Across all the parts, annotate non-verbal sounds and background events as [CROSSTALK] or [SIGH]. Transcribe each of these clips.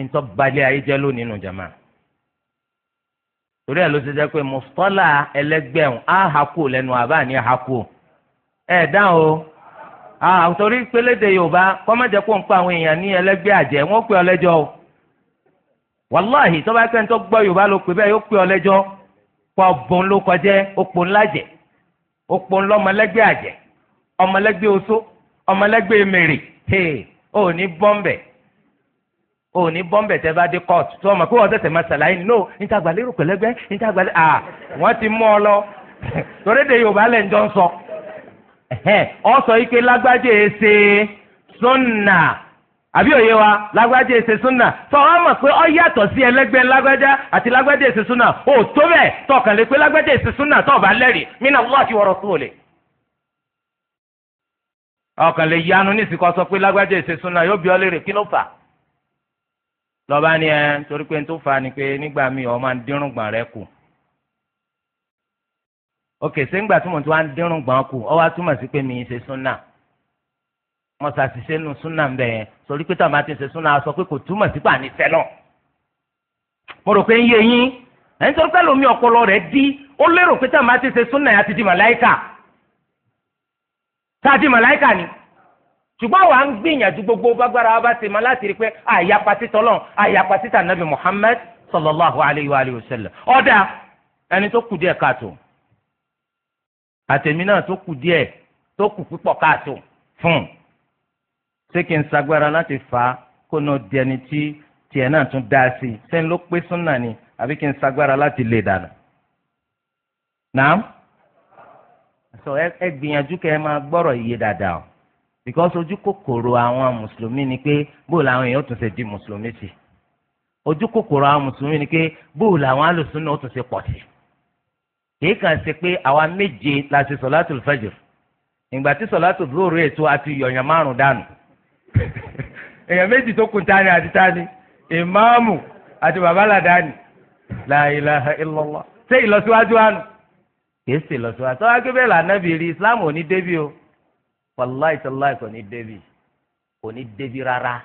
ntọ́ balẹ̀ ayé jẹ jama torí ẹ̀ ló ṣe jẹ́ pé mùsùlùmá ẹlẹ́gbẹ̀rún á ha kú lẹ́nu àbá ha ẹ̀ dán o àtòrí pélédè yorùbá kọ́mọ̀jẹ́ kó ń pa àwọn èèyàn ní ẹlẹ́gbẹ́ àjẹ́ wọ́n o wàláhì tó bá tó gbọ́ yorùbá ló pè bẹ́ẹ̀ ọ lẹ́jọ́ pọ̀ ló kọjẹ́ òpó ńlá òpó ńlá ọmọlẹ́gbẹ́ àjẹ́ ọmọlẹ́gbẹ́ oṣó ọmọlẹ́gbẹ́ mèrè o ní bọ́m̀bẹ̀ tẹ́ bá dé court tí wọ́n mọ̀ pé wọ́n tẹ̀sẹ̀ máa ṣàlàyé no níta àgbàlérò pẹ̀lẹ́gbẹ́ níta àgbàlérò ah, ti mú ọ lọ [LAUGHS] torí yorùbá lẹ̀ ń jọ sọ ọ sọ yìí pé lágbájá ṣe sunna àbí òye wa lágbájá ṣe sunna ọ mọ̀ pé ọ yàtọ̀ sí ẹlẹ́gbẹ́ lágbájá àti lágbájá ṣe sunna ò tó tọkàn lè pé ṣe sunna mina Allahi ọkàn lè yanu ní ìsìnkọ sọ pé lágbájá yóò bí ọ lọ́ba ni ẹ torí pé n tó fa ni pé nígbà míì ọ máa ń dínrùngbọ̀n rẹ kù ok sẹ́ńgbà tí mo ti wá ń dínrùngbọ̀n kù ọ wá túmọ̀ sí pé mi ń ṣe súnà mo ṣàṣìṣe nu súnà ń bẹ̀ yẹn torí pé táwọn máa ti ṣe súnà sọ pé kò túmọ̀ sí pàní sẹ́lọ̀ mo rò pé ń yé yín ẹni tó pẹ́ lómi ọpọlọ rẹ̀ dí ó lérò pé táwọn máa ti ṣe súnà yẹn àti di màláìkà tá di màláìkà ni ṣùgbọ́n àwa ń gbìyànjú gbogbo bágbára wa bá ṣe mọ láti rí i pé àyàpá títọ́ lọ́n àyàpá títà Muhammad sallallahu alayhi wa alayhi wa sallam ọ̀dà ẹni tó kù díẹ̀ káàtó àtẹ̀mí náà tó kù díẹ̀ tó kù púpọ̀ káàtó fún un ṣé kí n sagbára láti fà á kó náà di ẹni tí tiẹ̀ náà tún dá sí i sẹ́ni ló pé súnà ni àbí kí n sagbára láti lè dànù. nàám ẹ gbìyànjú kẹ́ ẹ máa gbọ́rọ̀ iye dáadáa because ojú kòkòrò àwọn mùsùlùmí ni pé bóòlù àwọn èèyàn tún ṣe di mùsùlùmí sí ojú kòkòrò àwọn mùsùlùmí ni pé bóòlù àwọn alùsùn náà tún ṣe pọ̀ sí kìí kàn ṣe pé àwa méje la ṣe sọ̀látù fẹ́jọ ìgbà tí sọ̀látù lóòrè ètò àti yọ̀yàn márùn dànù èèyàn méjì tó kun tani àti tani ìmáàmù àti babaládàáni la ilaha illallah ṣé ìlọsíwájú wa kìí ṣe ìlọsíwájú tó wá lànà bìrì islam o. wàláì tàláì kò ní débi kò ní débi rárá.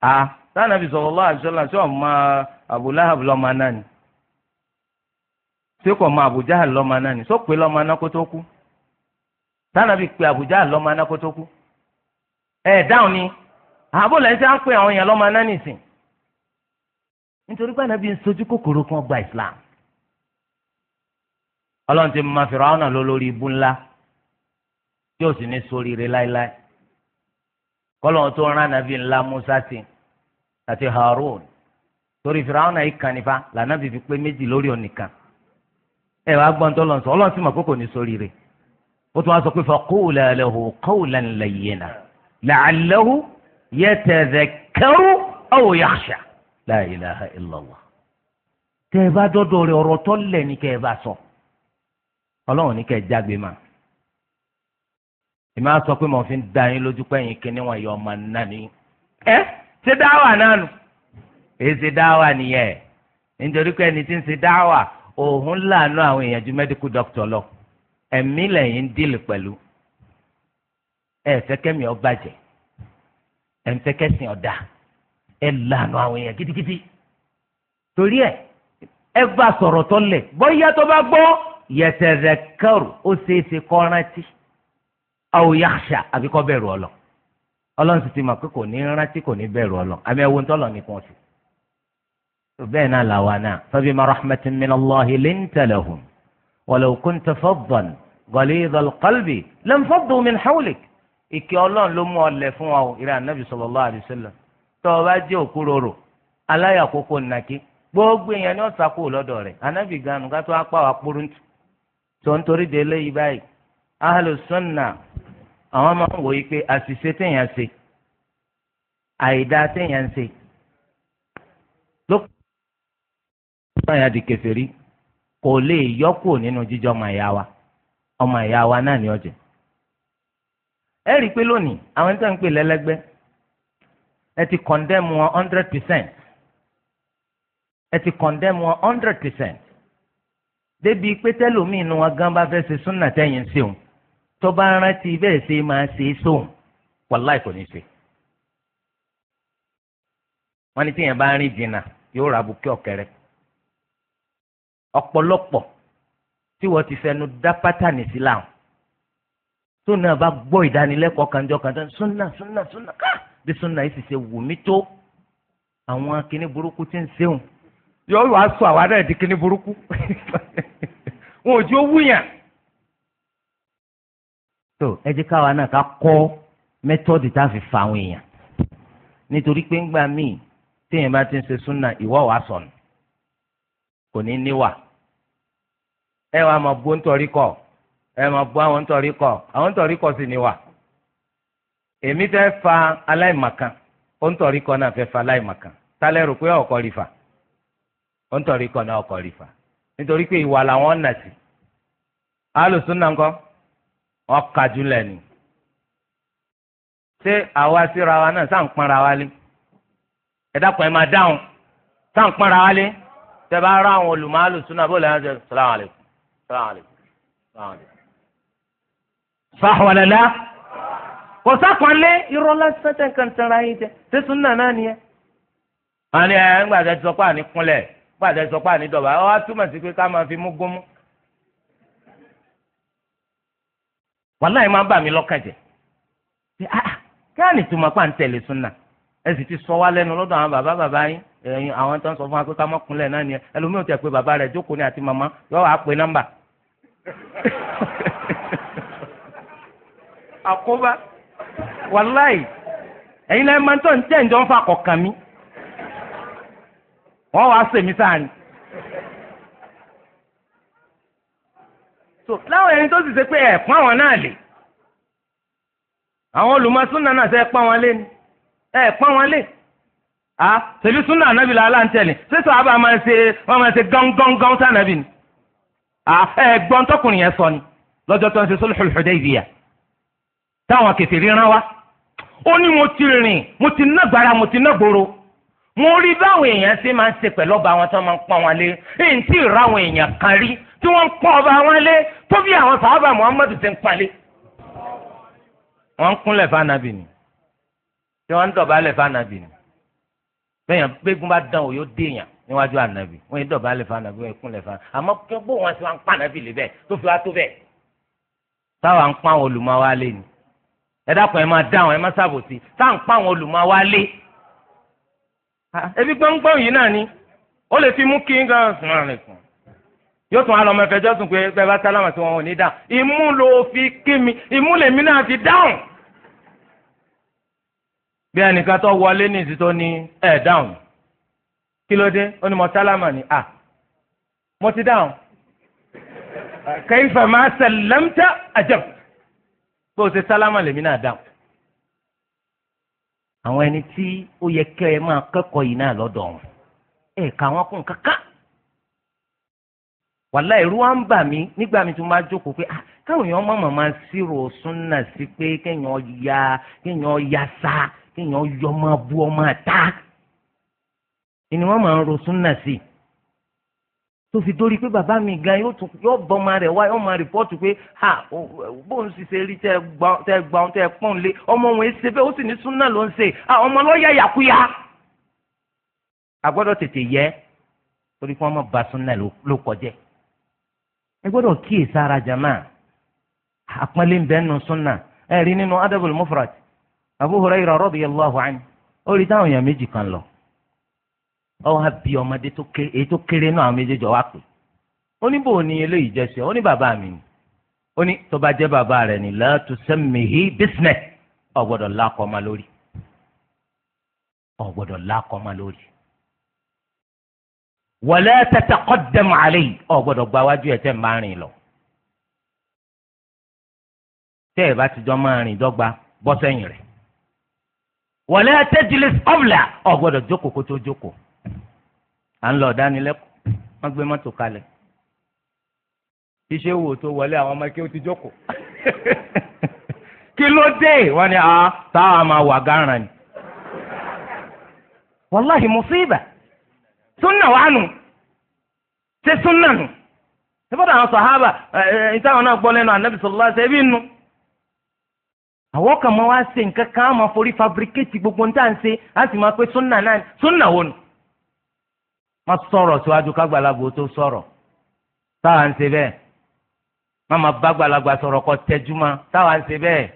a sáànà fi sọ̀rọ̀ lọ́wọ́ àbísọ́lá tí wọ́n ma lọ́mọ náà ni tí kò mọ Abu lọ́mọ náà ni sọ́pẹ́ lọ́mọ náà kó pe lọ́mọ náà kó tó kú. ẹ dáhùn ni àbò lẹ́yìn tí ń pe àwọn èèyàn lọ́mọ náà nìsín nítorí pé ànábì ń sojú kòkòrò kan gba Islam ọlọ́run ti máa tí ó sì ní ṣoríire láéláé kọ́lọ́n tó rán nàbí ńlá Musa sí àti Harun torí fìràwọn náà kàn nípa lànàbí fi pé méjì lórí ònìkan ẹ wàá gbọ́n tó lọ sọ ọlọ́run sì mọ̀ pé kò ní ṣoríire ó tún wá sọ pé faqula lahu qawlan layyina la'allahu yatadhakkaru aw yakhsha la tẹ́ ẹ bá dọ́dọ̀ rẹ̀ ọ̀rọ̀ tọ́lẹ̀ ní kẹ́ ẹ bá sọ ọlọ́run ní kẹ́ ẹ jágbe máa èmi á sọ pé mo fi ń da yín lójú pé yín kíní wọn yọ ọmọ náà ni. ẹ ṣé dáwà náà nù. èyí ṣe dáwà nìyẹn nítorí pé ẹni tí ń ṣe dáwà òun láàánú àwọn èèyàn ju medical doctor lọ ẹ̀mí lẹ́yìn ń dìlì pẹ̀lú ẹ fẹ́ kẹ́mi ọ bàjẹ́ ẹ fẹ́ kẹ́sìn ọ̀dà ẹ láàánú àwọn èèyàn gidigidi torí ẹ ẹ bá sọ̀rọ̀ tó lẹ̀ tó bá gbọ́ yẹtẹ̀rẹ̀ kẹrù ó ṣeé ṣe awo yaxa àbí kọ́ bẹ̀rù ọlọ ọlọ́run sì ti mọ̀ pé kò ní rántí kò ní bẹ̀rù ọlọ àmì ẹ̀wọ̀n tọ́lọ̀ nìkan sí. bẹ́ẹ̀ náà làwa náà fabima rahmatin min Allahi linta lahum walau kunta faddan ghalidhal qalbi lanfaddu min hawlik. ìkẹ́ ọlọ́run ló mú ọlẹ̀ fún wa o ìrẹ́ ànábì sallallahu alaihi wasallam tó o bá jẹ́ òkúròrò aláyàkókò nàkí gbogbo èèyàn ni ó sàkó lọ́dọ̀ rẹ̀ ànábì ganu ká tó apá wa kpóró tó ń torí de eléyìí báyìí ahlùsọ́nà àwọn máa ń wòye pé àṣìṣe téèyàn ṣe àìdá téèyàn ṣe lókùn náà yà di kò lè yọkùn nínú jíjọ ọmọ ìyá wa ọmọ ìyá wa náà ni ọjẹ ẹ rí i pé lónìí pè lẹ́lẹ́gbẹ́ hundred percent ẹ ti condemn hundred percent débi pé gan bá tó bá rántí bẹ́ẹ̀ ṣe máa ṣe é sóhun wàláì kò ní ṣe. wọ́n ní tíyẹn bá ń rìn jìnnà yóò ra bukẹ́ ọ̀kẹ́rẹ́ ọ̀pọ̀lọpọ̀ tí wọ́n ti fẹnu dá pátánì sí làwọn tó náà bá gbọ́ ìdánilẹ́kọ̀ọ́ kanjọ́ kanjọ́ súnà súnà súnà ká bí súnà yìí sì ṣe wù mí tó àwọn kinní burúkú ti ń ṣeun yóò wá sọ àwa náà di kinní burúkú [LAUGHS] wọn ò jó wúyàn. tó ẹ ka káwa náà ká tá a fi fa àwọn èèyàn nítorí pé ńgbà míì téèyàn bá ti ń ṣe súnà ìwọ wàá sọnù kò ní níwà ẹ wàá bó kọ ẹ máa bó àwọn ńtọ̀rí kọ àwọn ńtọ̀rí kọ sì níwà èmi fẹ́ fa aláìmọ̀kan ó ńtọ̀rí kọ náà fẹ́ fa aláìmọ̀kan pé ọkọ rí fa ó kọ náà ọkọ rí fa nítorí pé ìwà làwọn nà sí alùsùn náà ọ̀kadùlẹ̀ ni ṣé àwa síra wa náà sáà ń pọnra wa lé ẹ dákun ẹ máa dáhùn sáà ń pọnra wa lé tẹ bá rá àwọn olùmọ̀ọ́lù súnà bó lẹ́yìn ọjọ́ sàlámù àlẹ́kùn sàlámù àlẹ́kùn sàlámù àlẹ́kùn. fàwọlẹ́lá kò sápọnlé irọ́ lásán tẹ̀ kàn tẹ̀ ra yín jẹ ṣé súnà náà ni ẹ. wọ́n ní ẹ̀ ń gbàdẹ́ sọ pé kúnlẹ̀ gbàdẹ́ sọ pé dọ̀bà ọ wá túmọ̀ sí pé ká máa fi mú gómú wàláì máa bà ba lọ́kàn jẹ́ ah, ah kí á ní tó máa pa ń tẹ̀lé súnà ẹ sì ti sọ wá lẹ́nu lọ́dọ̀ àwọn bàbá bàbá yín ẹ̀yin àwọn tó ń sọ fún wa pé ká mọ́kúnlẹ̀ náà ni ẹlòmíràn tẹ̀ pé bàbá rẹ̀ jókòó àti màmá yọ wàá pè nọ́mbà. mi wọ́n wàá sèmi sáà ni. so láwọn ẹni tó sì ṣe pé ẹ̀ pọ́n àwọn náà lè àwọn olùmọ̀súnà náà ṣe pọ́n wọn lé ni ẹ̀ pọ́n wọn lé a ṣèbí súnà ànábì làálà ń tẹ̀lé sísọ àbá máa ṣe wọ́n máa ṣe gángangán sànàbì ni a ẹ̀ gbọ́n tọkùnrin yẹn sọ ni lọ́jọ́ tó ń ṣe Sulhul Hudaybiyah táwọn kètè ríran wa ó ní mo ti rìn mo ti nágbára mo ti nágboro mo rí báwọn èèyàn ṣe máa ń ṣe pẹ̀lú ọba wọn tí máa ń pọ́n wọn lé èyí tí ìráwọn èèyàn kan rí tí wọ́n ń pọ́n ọba wọn lé tó bí àwọn sàhábà muhammadu ti ń palẹ̀. wọ́n ń kúnlẹ̀ fànàbì ni tí wọ́n ń dọ̀bálẹ̀ fànàbì ni bẹ́ẹ̀ gbẹ́gun bá dán o yóò déèyàn níwájú ànàbì wọ́n yẹn dọ̀bálẹ̀ fànàbì wọ́n yẹn kúnlẹ̀ fànàbì àmọ́ kí wọ́n bó wọn sí wọn ń pa ànàbì lé bẹ́ẹ̀ tó fi wá tó bẹ́ẹ̀ táwa ń pa àwọn olùmọ̀ lé ni ẹ dákun ẹ máa dáhùn ẹ máa ṣàbòsí táà ń pa àwọn ebi gbọ́ngbọ́n yìí náà ni ó lè yóò tún alọ́ mẹ́fẹ́ jọ́sùn pé bẹ́ẹ̀ bá sálámà tí wọn ò ní dáhùn imú ló fi kí mi imú lèmi náà ti dáhùn. bí ẹnìkan tó wọlé ní ìsìtò ní ẹ̀ dáhùn kí ló dé ó ní mo sálámà ni à mo ti dáhùn. kẹ́yìfẹ̀ máa sẹ̀lẹ́mtẹ́ àjẹm bó o ṣe sálámà lèmi náà dáhùn. àwọn ẹni tí ó yẹ kẹ́ ẹ máa kẹ́kọ̀ọ́ yìí náà lọ́dọ̀ ọ̀hún ẹ̀ka wọn kún kankan wàlá ẹ̀rú wa ń bà mí nígbà mi tó máa jókòó pé ah, káwọn èèyàn mọ̀mọ́ máa ṣírò súnà sí pé kéèyàn ya kéèyàn ya sa kéèyàn yọ ọmọ bu ọmọ ta ni wọ́n máa ń ro súnà sí. tó fi dórí pé bàbá mi gan yóò bọ́ ọmọ rẹ̀ wá yóò máa rìpọ́ọ̀tù pé ha bóun sì ṣe rí tẹ́ gba ohun tẹ́ pọ́n lé ọmọ òun èsì bẹ́ẹ̀ ó sì ní súnà ló ń ṣe ah, ọmọ lọ́ọ́ yàkúyà. a tètè yẹ torí kí wọ́n bá súnà ló kọjẹ́ ẹ gbọ́dọ̀ kíyè sára jama àpọ́nlé ń bẹ́ẹ̀ nù súnà ẹ rí nínú adabul mufrad abu hurayra radiyallahu anhu ó rí táwọn èèyàn méjì kan lọ ọ wá bí ọmọdé tó kéré náà àwọn méjèèjì wá pè ó ní bò ní eléyìí jẹ́ sí ọ ó ní bàbá mi ni ó ní tó bá jẹ́ bàbá rẹ̀ ni la tusammihi bismihi ọ gbọ́dọ̀ lákọ́ ọmọ lórí ọ gbọ́dọ̀ lákọ́ ọmọ lórí wala tataqaddam alayhi ọ gbọ́dọ̀ gba wájú ẹ̀ tẹ́ bá rìn lọ. bá ti jọ máa rìn dọ́gba bọ́ sẹ́yìn rẹ̀. wala tajlis qabla ọgbọdọ jókòó kó à ń lọ ọ̀dánilẹ́kọ̀ọ́ wọ́n gbé mọ́tò kalẹ wo tó wọlé àwọn ọmọ ó ti jókòó. [LAUGHS] kí ló dé ah, a máa wà gáràn ni. súnà wà nù ṣé súnà nù síbọ̀dọ̀ àwọn sàhábà ẹ̀ ìtàwọn náà gbọ́ lẹ́nu ànábì sọ̀rọ̀ láti ẹbí nù. àwọn kan máa wá ṣe nǹkan kan á máa forí fabricate gbogbo níta ń ṣe á sì máa pé súnà náà súnà wò nù. má sọ̀rọ̀ síwájú kágbàlagbò tó sọ̀rọ̀ táwa ń ṣe bẹ́ẹ̀ má máa bá gbàlagbà sọ̀rọ̀ kọ tẹjúmọ́ táwa ń ṣe bẹ́ẹ̀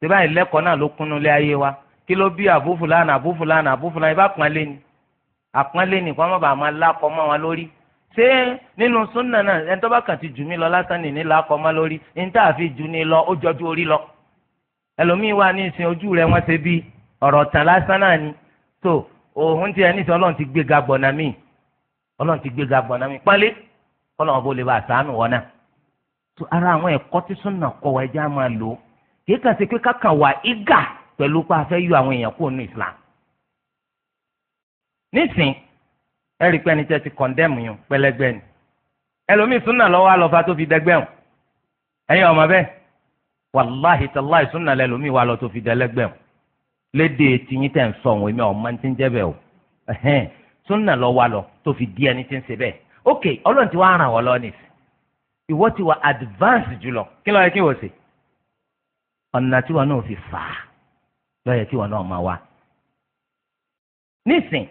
ṣe lẹ́kọ̀ọ́ náà ló kúnnú lé ayé wa kí ló bí àbúfùlánà àbúfùlánà àbúfùlánà ibà pọ́n lé ni àpọ́nlé nìkan má bàa máa lákọ mọ́ wọn lórí ṣé nínú súnà náà ẹni tó bá kàn ti jù mí lọ lásán nìní lákọ mọ́ lórí ní tá a fi jù ní lọ ó jọjú orí lọ ẹlòmíì wà ní ìsìn ojú rẹ wọ́n ṣe bí ọ̀rọ̀ tàn lásán náà ni tó òun ti ẹni sọ ọlọ́run ti gbéga gbọ̀nà míì ọlọ́run ti gbéga gbọ̀nà míì pálí ọlọ́run bó lè bá àṣàánù wọn náà tó ara àwọn ẹ̀kọ́ tí súnà kọ wa ẹja máa lò kì nísìn ẹ rí i pé ẹni tẹ́ ti kọ̀ndẹ́mù yín pẹlẹgbẹ́ ni ẹlòmíì súnà lọ́wọ́ àlọ́fà tó fi dẹgbẹ́ hùn ẹ̀yin ọmọ bẹ́ẹ̀ wàláhì tàláhì súnà lẹ́lòmíì wà lọ tó fi dẹlẹ́gbẹ́ hùn léde tiyín tẹ̀ ń sọ òun èmi ọ̀ma ti ń jẹ́ bẹ́ẹ̀ o súnà lọ́wọ́ àlọ́ tó fi di ẹni tí ń ṣe bẹ́ẹ̀ ok ọlọ́run ti wá ràn wọ́ lọ́ọ́ nìsín ìwọ ti wà advance jùlọ kí ló yẹ kí wọ́n ṣe ọ̀nà tí wọn náà fi fà á ló yẹ kí wọn náà máa wá nísìn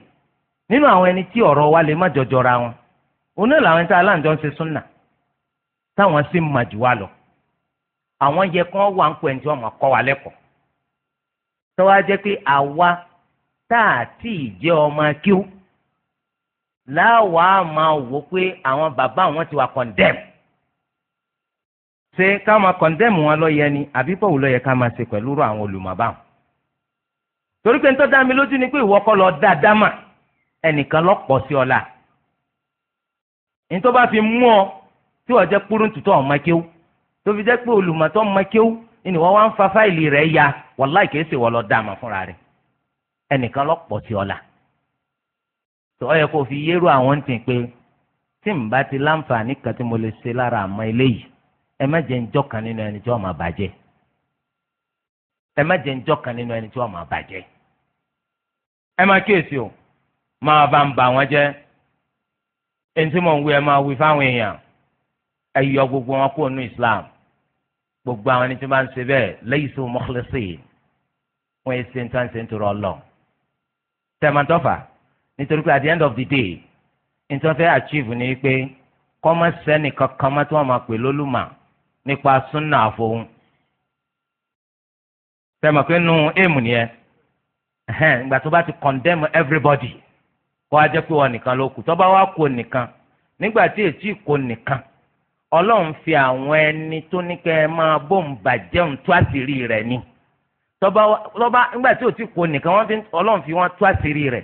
nínú àwọn ẹni tí ọ̀rọ̀ wa lè má jọjọra wọn òun náà làwọn tá aláǹjọ ń ṣe súnà táwọn sì mà jù wá lọ àwọn yẹ kán wà ń pè ní ọmọ kọ́ wa lẹ́kọ̀ọ́ tọ́wá jẹ́ pé àwa tá a tí ì jẹ́ ọmọ kíw láwàá máa wò pé àwọn bàbá wọn ti wà kọ̀ǹdẹ́mù ṣé ká máa kọ̀ǹdẹ́mù wọn lọ yẹ ni àbí bọ́ọ̀lù lọ yẹ ká máa ṣe pẹ̀lú àwọn olùmọ̀bá wọn torí pé ń tọ́ dá mi lójú ni pé ìwọ lọ dá dá mà. ẹnìkan lọ́pọ̀ sí ọ̀la ní bá fi mú ọ tí wọ́n jẹ́ kúrúntù tó ọmọ kéwú tó fi jẹ́ pé olùmọ̀tọ́ ọmọ kéwú ni wọ́n wá ń fa fáìlì rẹ̀ ya wàláì kìí ṣe wọ́n lọ dá àmà fúnra rẹ̀ ẹnìkan ọ kó fi yérò àwọn ń tì pé tí n bá ti láǹfààní kan tí mo lè ṣe lára àmọ́ eléyìí ẹ má jẹ́ njọ́ kan nínú ẹni tí wọ́n máa bàjẹ́ ẹ má jẹ́ o. máa bá ń bà wọ́n jẹ́ ẹni mò ń wí ẹ máa wí fáwọn èèyàn ẹ yọ gbogbo wọn kúrò ní Islam gbogbo àwọn ẹni tí wọ́n bá ń ṣe bẹ́ẹ̀ laysu mukhlisin wọ́n yẹ ṣe ń tán at the end of the day ní tí wọ́n fẹ́ achieve ni pé kankan tí máa pè kó a jẹ́ pé wọn nìkan ló kù tó bá wá kó nìkan nígbà tí ètí kó nìkan ọlọ́run fi àwọn ẹni tó ní kẹ́ ẹ máa bóun bàjẹ́un tó àṣírí rẹ̀ ni tó bá nígbà tí ètí kó nìkan ọlọ́run fi wọ́n tó àṣírí rẹ̀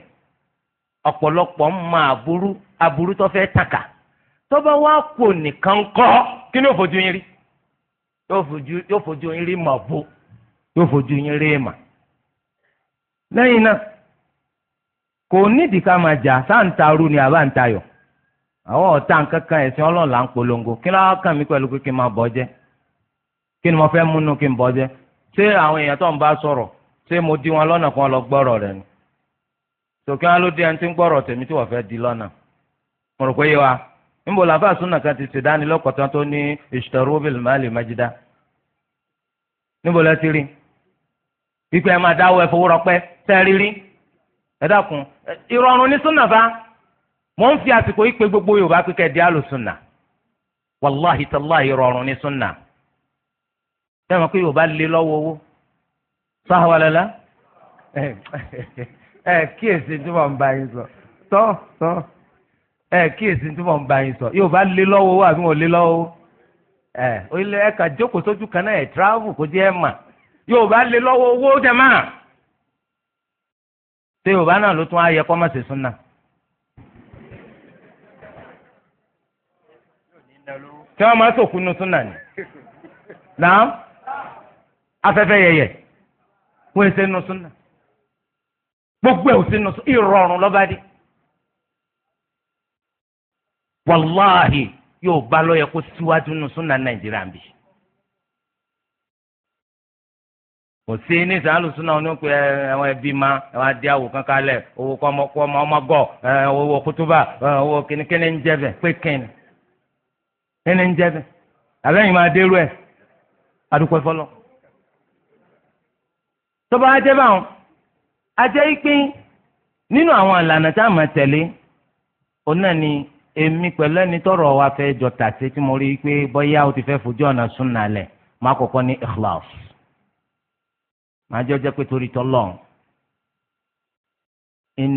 ọ̀pọ̀lọpọ̀ ń mọ àbúrú àbúrú tó fẹ́ tàkà tó bá wá kó nìkan kọ́ kí ni yóò fojú yín rí yóò fojú yín rí mọ̀ bó yóò fojú yín rí mà lẹ́yìn náà kò nídìí ká máa jà sáà ń ta arú ni àbá ń tayọ̀ àwọn ọ̀tá nǹkankan ẹ̀sìn ọlọ́run là ń polongo kí ló kàn mí pẹ̀lú pé kí n máa bọ́ jẹ́ kí ni mo fẹ́ múnú kí n bọ́ jẹ́ ṣé àwọn èèyàn tó ń bá sọ̀rọ̀ ṣé mo di wọn lọ́nà kan lọ gbọ́rọ̀ rẹ̀ ni tòkí wọn ló dé ẹni tí ń gbọ́rọ̀ tèmi tí wọ́n fẹ́ di lọ́nà mo rò pé yé wa níbo làbá súnà kan ti ṣèdánilọ́kọ̀ọ́ tán tó ní ìṣòro bíi màálì májídá níbo lẹ ti rí pípẹ́ máa dáwọ́ ẹ̀fọ́ wúrọ́pẹ́ tẹ́ rírí ẹ dákun ìrọ̀rùn ní súnà fa mò ń fi àsìkò yìí gbogbo yorùbá pé kẹ́ di àlùsùnà wàláhì tàláhì ìrọ̀rùn ní súnà yorùbá lé lọ́wọ́ owó ẹ kíyèsí tí ń bá yín sọ tọ́ tọ́ ẹ tí ń bá yín sọ yorùbá lé lọ́wọ́ owó àbí wọn lé lọ́wọ́ owó ẹ ilé jókòó sójú kan náà ẹ̀ tíráàvù kó jẹ́ ẹ̀ mà yorùbá lé lọ́wọ́ owó máa. ṣé yorùbá náà ló tún á yẹ kó má ṣe súnà. tí wọ́n máa sòkú nu súnà ni náà afẹ́fẹ́ yẹyẹ wọ́n ṣe nu súnà gbogbo ẹ̀ ò sí nu súnà ìrọ̀rùn lọ́ba dé wàláhì yóò bá lọ́yẹ kó síwájú nu súnà nàìjíríà bíi. kò sí ní sàálùsùn náà ní ẹwọn ma ẹwọn adé àwò kankan lẹ owó kọmọkọmọ ọmọgọ owó kútúbà owó kínníkínní ń jẹ bẹ pé kínní kínní ń jẹ bẹ àbẹ́yìn máa dérú ẹ adúpẹ́ fọlọ́. tó bá jẹ́ ajẹ́ ìpín nínú àwọn ni èmi pẹ̀lú ẹni tọrọ wa fẹ́ jọ tàṣe tí mo rí i pé bọ́yá o ti fẹ́ fojú ọ̀nà ní màá jẹ́ ọjọ́ pé torí tọ́lọ̀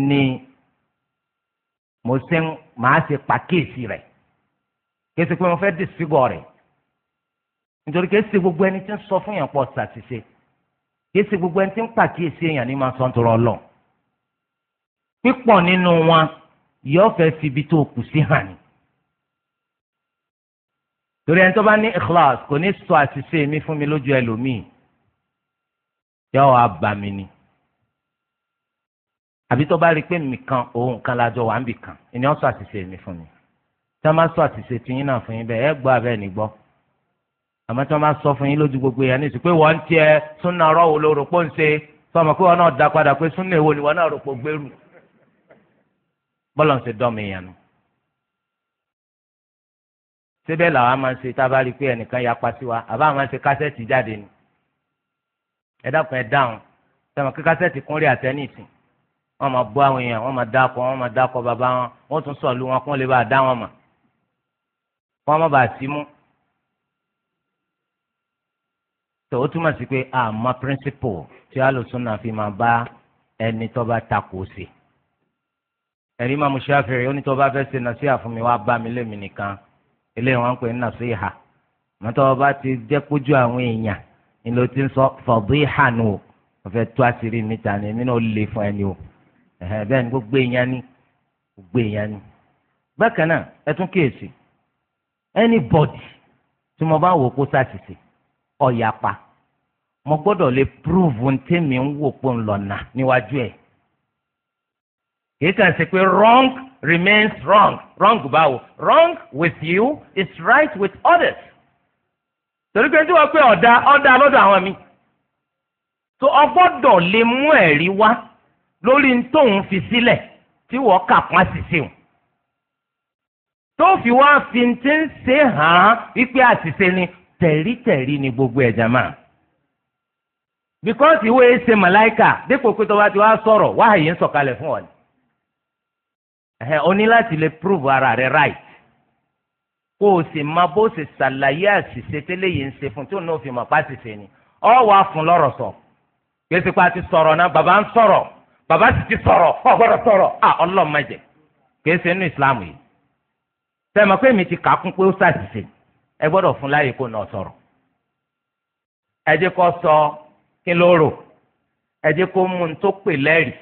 ní mo ṣe màá ṣe pàkíyèsí rẹ̀ kéṣe pé mo fẹ́ dìsígọ̀ rẹ̀ nítorí kéṣe gbogbo ẹni tí ń sọ fún yàn pọ̀ ṣàṣìṣe kéṣe gbogbo ẹni tí ń pàkíyèsí èèyàn ní máa sọ nítorí ọlọ́ pípọ̀ nínú wọn yóò fẹ́ fi ibi tó kù sí hàn ní torí ẹni tó bá ní ikhlas kò ní sọ àṣìṣe mi fún mi lójú ẹlòmíì yóò wá bá mi ni àbí tó bá rí i pé mi kan òun kan lájọ wà ń bì kan ìní ọ̀sọ̀ àṣìṣe mi fún mi tí wọ́n bá sọ àṣìṣe tìyín náà fún yín bẹ́ẹ̀ ẹ gbọ́ abẹ́ ní gbọ́ àmọ́ tí wọ́n bá sọ fún yín lójú gbogbo yẹn ní ìsìnkú wọ́n ń tiẹ̀ súnà rọ́wọ́ ló rò pó ń ṣe sọmọ pé wọn náà dá padà pé súnà èwo ni wọn náà rò pó gbèrú bọ́lọ̀ ń ṣe dọ́mi yẹn síbẹ̀ làwọn máa ń ṣe tá a bá rí i pé ẹnìkan yapa sí wa àbá máa ń ṣe kásẹ̀tì jáde ni ẹ dákun ẹ dáhùn sẹ́wọ̀n kí kásẹ̀tì kún rí àtẹ́nìsì wọ́n máa bọ́ àwọn èèyàn wọ́n máa dákọ̀ wọ́n máa dákọ̀ bàbá wọn wọ́n tún sọ̀lú wọn kún lè bá a dá wọn mà kí wọ́n má bàa sí mú. tó o túmọ̀ sí pé àmọ́ principle tí alùsùnà fi máa bá ẹni tó bá takò sí. ẹ̀rí máa mú ṣáfìrì onítọ́ bá fẹ́ ṣe nàṣíà fún wá bá mi lémi nìkan eléyìí wọ́n ń pè ní nàṣíà mọ́tọ́ bá ti jẹ́ kójú àwọn èèyàn ni ló ti ń sọ fadhiha o wọ́n fẹ́ tú àṣírí níta ni èmi náà lè fún ẹni o bẹ́ẹ̀ ni gbogbo èèyàn ni gbogbo èèyàn ni. bákan náà ẹ tún kíyèsí anybody tí mo bá wò kó ṣàṣìṣe pa. mo gbọ́dọ̀ lè prove ní tèmi ń wò pé ń lọ́nà níwájú ẹ̀ kì í kàn ṣe pé wrong remains wrong wrong báwo wrong with you is right with others torí pé tí wọ́n pé ọ̀dà ọ̀dà lọ́dọ̀ àwọn mi tó ọgbọ́dọ̀ lè mú ẹ̀rí wá lórí tóun fi sílẹ̀ tí wọ́n kà pa sísè o tó fi wá fi ti ń ṣe hàn án wípé àṣìṣe ni tẹ̀rítẹ̀rí ni gbogbo ẹ̀jẹ̀ máa because ìwé ṣe màláìkà dípò pé tó bá ti wá sọ̀rọ̀ wáhàyè ń sọ̀kalẹ̀ fún ọ ni o ní láti lè prove ara rẹ right kó o sì máa bó o sì ṣàlàyé àṣìṣe tẹ́lẹ̀ yìí ń ṣe fún náà fi mọ̀ pa àṣìṣe ni ọ wàá fún lọ́rọ̀ sọ gbèsè pa ti sọ̀rọ̀ náà bàbá ń sọ̀rọ̀ bàbá sì ti sọ̀rọ̀ ọ gbọ́dọ̀ sọ̀rọ̀ à ọlọ́run má jẹ gbèsè nínú ìsìlámù yìí sẹ́mi pé mi ti kà á kún pé ó ṣàṣìṣe ẹ gbọ́dọ̀ fún láàyè kó náà sọ̀rọ̀ ẹ jẹ́ sọ kí ẹ jẹ́ kó mú un tó pè lẹ́rìí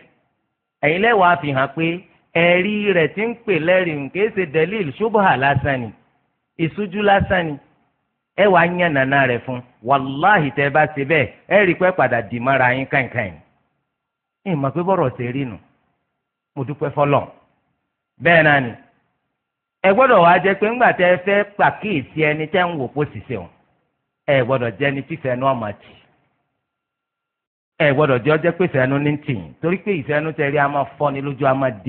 ẹ̀yin fi hàn pé ẹ̀rí rẹ̀ ti ń pè lẹ́rìí dẹ́líl ṣubúhà lásán ni ìṣújú lásán ni ẹ wàá yàn nàna rẹ̀ fún wàláhì tẹ́ bá ṣe bẹ́ẹ̀ ẹ rí i pé padà dì mára yín kàìnkàìn ẹ mọ̀ pé bọ́rọ̀ ṣe rí nu mo dúpẹ́ fọlọ́ náà ni ẹ gbọ́dọ̀ wá jẹ́ pé ńgbà tẹ́ fẹ́ pàkíyèsí ẹni tẹ́ ń wò o ẹ jẹ́ ẹni fífẹ́ ẹnu ọmọ tì ẹ jẹ́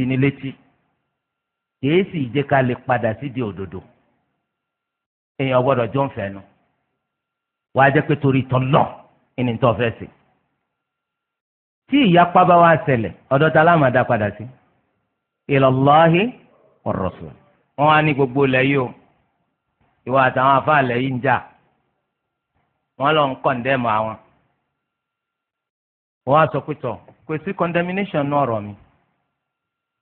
ni létí kèé sì ká lè padà sídìí èèyàn gbọ́dọ̀ jọ ń fẹ́ nu wàá jẹ́ pé torí tọ́lọ̀ ẹni tó fẹ́ sí. tí ìyapa bá wá ṣẹlẹ̀ ọ̀dọ̀ láwọn padà sí wọn á ní gbogbo ilẹ̀ yìí o ìwà àtàwọn afáàlẹ̀ yìí ń jà wọn lọ àwọn wọn á sọ pé condemnation náà mi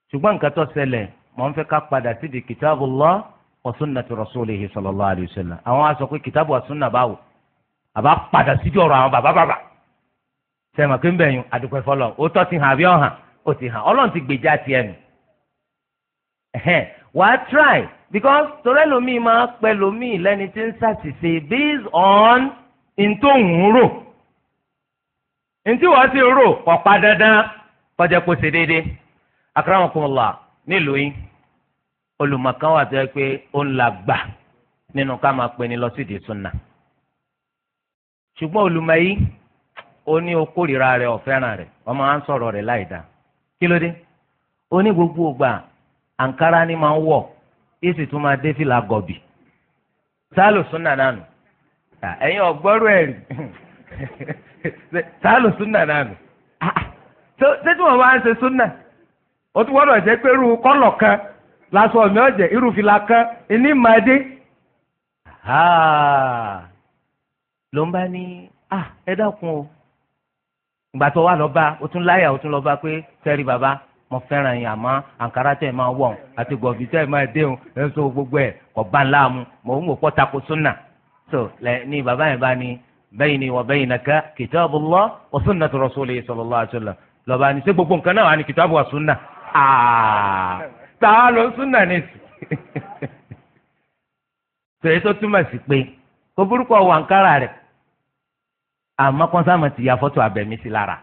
ṣùgbọ́n nǹkan tó ṣẹlẹ̀ mọ̀ ń fẹ́ ká padà wa sunnati rasulihi sallallahu alayhi wa sallam àwọn aṣọ pé kìtàbù wa sunna báwo àbá padà síbi ọ̀rọ̀ àwọn bàbá bàbá sẹ́mi kí n bẹ̀yìn àdúpẹ́ fọlọ́ ó tọ́ ti hàn àbí ọ̀hàn ó ti hàn ọlọ́run ti gbèjà tiẹ̀ nù wàá try because torẹ́ lomi máa pẹ́ lomi lẹ́ni tí ń ṣàṣìṣe based on ntòhún rò ntí wọ́n ti rò kọ̀ pa dandan kọjá kó ṣe déédéé akramakumullah nílùú yìí olùmọ̀kan wà tó yẹ pé ó ń la gbà nínú ká máa pe ní lọ sídìí súnà ṣùgbọ́n olùmọ̀ yìí ó ní o rẹ̀ ọ̀fẹ́ràn rẹ̀ ọmọ à ń sọ̀rọ̀ rẹ̀ láì dáa kí ló dé ó ní gbogbo ògbà àǹkárá ni máa ń wọ̀ èsì tún máa dé fìlà gọ̀bì ẹ̀ sálò súnà nánu ṣé ṣe súnà ó ti wọ́n lọ jẹ́ pé kan. lásọ mi ọjẹ irúfìlà kan ìní màdé ló ń bá ní ẹ dákun o ìgbà tó wà lọ́ba ó tún láyà ó tún lọ́ba pé sẹ́rí bàbá mo fẹ́ràn yín àmọ́ àǹkárá tẹ̀ máa wọ̀ àti gọ̀ọ̀fì tẹ̀ máa déhùn ẹ̀ sọ gbogbo ẹ̀ kọ̀ bá láàmú mò ń wò pọ́ tako súnà tó lẹ ní bàbá yẹn bá ní bayni wa baynaka kitabullah wa sunnatu rasulih sallallahu alaihi wasallam lọ́ba ní sẹ́ gbogbo nǹkan náà wà ní kìtàbù wa súnà. tàwa lọ súnà nìsí tòye tó túmọ̀ sí pé kò burúkọ wà ń rẹ̀ àmọ́ kọ́nsámọ̀ ti ya fọ́tò abẹ̀mí sí lára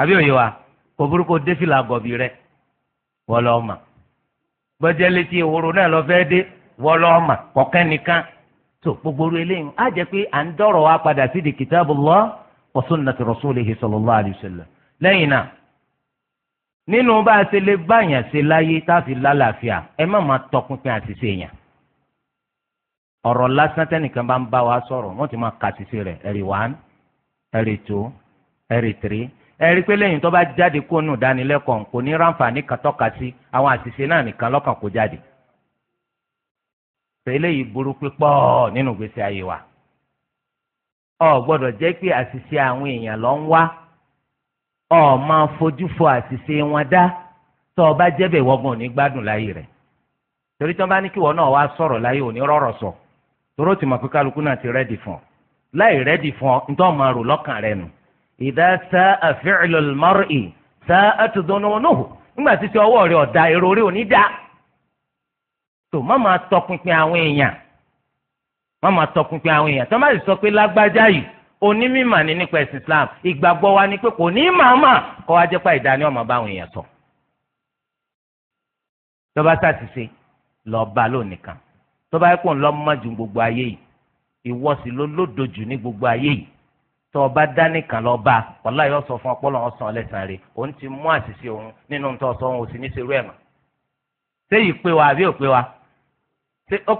àbí wa kò burúkọ défìlà gọ̀bì rẹ̀ wọ́n gbọ́jẹ́ létí ehoro náà lọ fẹ́ dé wọ́n kọ̀kẹ́ nìkan tó gbogbo orí eléyìí á jẹ́ pé kìtàbù nínú bá a ṣe lè báyàn ṣe láyé tá a fi lálàáfíà ẹ má máa tọpinpin àṣìṣe yẹn ọ̀rọ̀ lásán tẹ́nìkan bá ń bá wa sọ̀rọ̀ wọ́n ti máa ka àṣìṣe rẹ̀ ẹ̀rì one ẹ̀rì two ẹ̀rì three ẹ̀rí pé lẹ́yìn tó bá jáde kó nù dánilẹ́kọ̀ọ́ kò ní ráǹfààní kan tọ́ka sí àwọn àṣìṣe náà nìkan lọ́kàn kó jáde tẹ́lẹ̀ yìí burú pípọ̀ nínú ìgbésí ayé wa ọ gbọ́dọ̀ jẹ́ pé àṣìṣe àwọn èèyàn ló ń wá ọ máa àṣìṣe wọn dá tó ọ bá jẹ́bẹ̀ wọ́gbọ̀n ní gbádùn láyé rẹ̀ torí tí bá ní kí náà wá sọ̀rọ̀ láyé òní rọ̀rọ̀ sọ tìmọ̀ pé kálukú náà ti rẹ́dì fún ọ láì fún ọ rẹ nù ìdá sá àfihàn sá nígbà ti ọwọ́ rẹ ọ̀dà èrò rẹ òní dá tó má tọpinpin àwọn èèyàn má tọpinpin àwọn èèyàn tó má sọ pé lágbájá yìí onímọ̀ ni nípa ẹ̀sìn Islam ìgbàgbọ́ wa ni pé kò ní màmá kọ́ wa jẹ́ pa ìdání ọmọ báwọn èèyàn sọ. tọ́ba sàṣìṣe lọ́ba lónìkan tọ́ba ẹ̀kọ́ ńlọ mọ́jú gbogbo ayé yìí ìwọ́sí ló lódojù ní gbogbo ayé yìí tọ́ba dánìkan lọ́ba wàlá yóò sọ fún ọpọlọ ọsàn ọlẹ́sàn rẹ̀ òun ti mú àṣìṣe òun nínú tó sọ òun ò sì ní ṣerú ẹ̀ mọ́. ṣé yìí pé wa àbí ò pé wa ṣé ó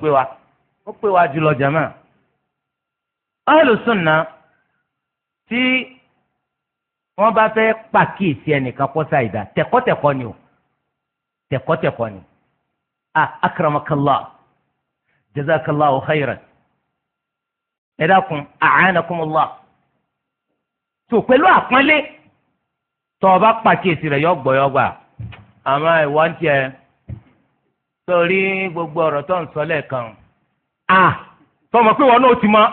pé wa ó pè wá jùlọ jama alùsùnà tí wọ́n bá fẹ́ pàkíyèsí ẹnìkan kọ ṣàìdá tẹkọtẹkọ ni o tẹkọtẹkọ ni a akramakallah jazakallahu khairan ẹ dákun a'anakumullah tó pẹ̀lú àpọ́nlé tó o bá pàkíyèsí rẹ̀ yọ gbọyọgbà àmọ́ ìwọ ń tiẹ̀ torí gbogbo ọ̀rọ̀ tó ń sọ lẹ́ẹ̀kan à ah, tọmọ pé wọn náà ti máa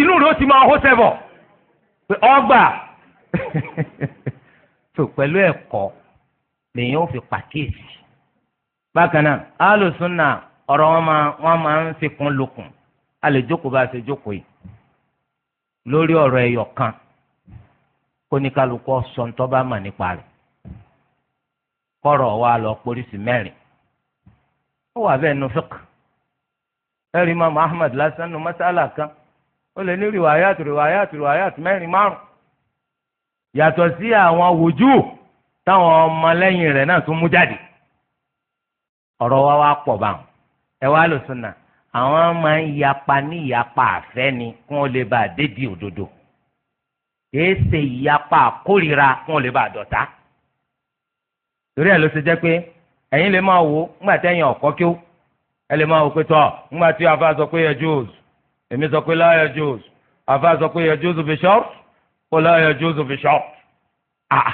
inú rẹ ó ti máa hó sẹ́bọ̀ ọgbà tó lèyìn ó fi pàkíyèsí bákan náà alùsùnà ọ̀rọ̀ wọn máa ń fikùn lukùn a lè jókòó bá a ṣe jókòó yìí lórí ọ̀rọ̀ ẹ̀yọ̀ kan mà nípa rẹ̀ kọ́rọ̀ wa lọ mẹ́rin ó wà ẹ̀rí imam ahmed lásán nu masala kan ó lè ní riwayat riwayat riwayat mẹ́rin márùn yàtọ̀ sí àwọn wùjú táwọn ọmọlẹ́yìn rẹ̀ náà tún mú jáde ọ̀rọ̀ wa wá pọ̀ bá wọn ẹ wá lò sùn náà àwọn máa ń yapa ní ìyapa àfẹ́ ni kí wọ́n lè bá a dédìí òdodo kìí ṣe ìyapa àkórira kí wọ́n lè bá a dọ̀tá torí ẹ̀ ló ṣe jẹ́ pé ẹ̀yin lè máa wò ó ńgbà tẹ́yìn ọ̀kọ́ kí ó ẹ lè máa wò pé tọ́ ńgbà tí afa sọ pé yajuz èmi sọ pé la yajuz afa sọ pé yajuzu bi shart kó la yajuzu bi shart ah